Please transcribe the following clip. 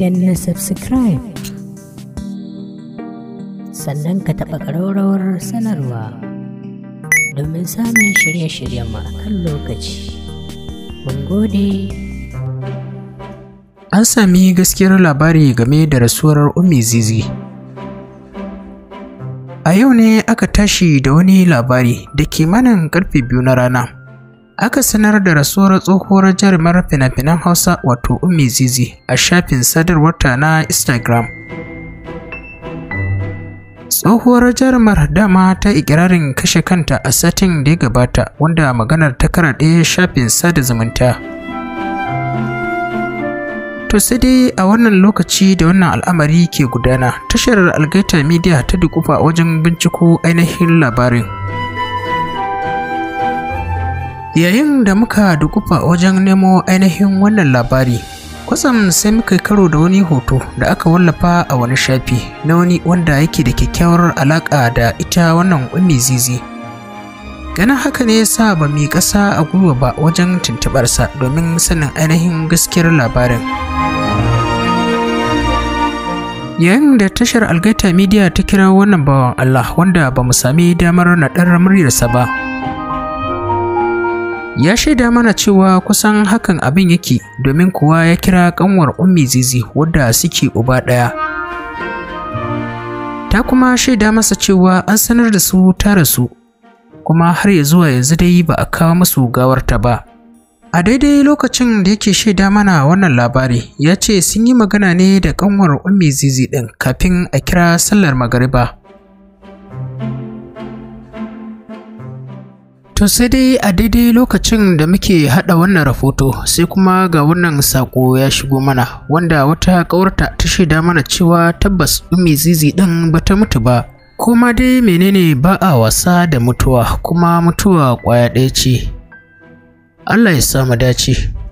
na subscribe sannan ka taɓa ƙararrawar sanarwa domin samun shirye-shiryen mu kan lokaci mun gode an sami gaskiyar labari game da rasuwar umi zizi a yau ne aka tashi da wani labari da kimanin karfe biyu na rana aka sanar da rasuwar tsohuwar jarumar fina-finan hausa wato ummi zizi a shafin sadarwarta na instagram tsohuwar jarumar dama ta ikirarin kashe kanta a satin da ya gabata wanda maganar ta karaɗe shafin sada zumunta to sai dai a wannan lokaci da wannan al'amari ke gudana tashar algaita media ta dukufa wajen binciko ainihin labarin yayin da muka dukufa wajen nemo ainihin wannan labari kwatsam sai muka karo da wani hoto da aka wallafa a wani shafi na wani wanda yake da kyakkyawar alaƙa da ita wannan ummi zizi ganin haka ne ya sa ba mu ƙasa a gwiwa ba wajen tuntuɓarsa domin sanin ainihin gaskiyar labarin yayin da tashar algaita media ta kira wannan bawan allah wanda ba mu sami damar naɗar muryarsa ba ya shaida mana cewa kusan hakan abin yake domin kuwa ya kira kanwar ummi zizi wadda suke uba ɗaya ta kuma shaida masa cewa an sanar da su ta rasu kuma har ya zuwa yanzu dai ba a kawo musu gawarta ba a daidai lokacin da yake shaida mana wannan labari ya ce sun yi magana ne da kanwar ummi zizi ɗin kafin a kira sallar magariba To sai dai a daidai lokacin da muke haɗa wannan rahoto sai kuma ga wannan sako ya shigo mana wanda wata ƙawarta ta shaida mana cewa tabbas Umi Zizi ɗin bata mutu ba. Kuma dai menene ba a wasa da mutuwa kuma mutuwa kwaya ɗaya ce. Allah ya sa dace.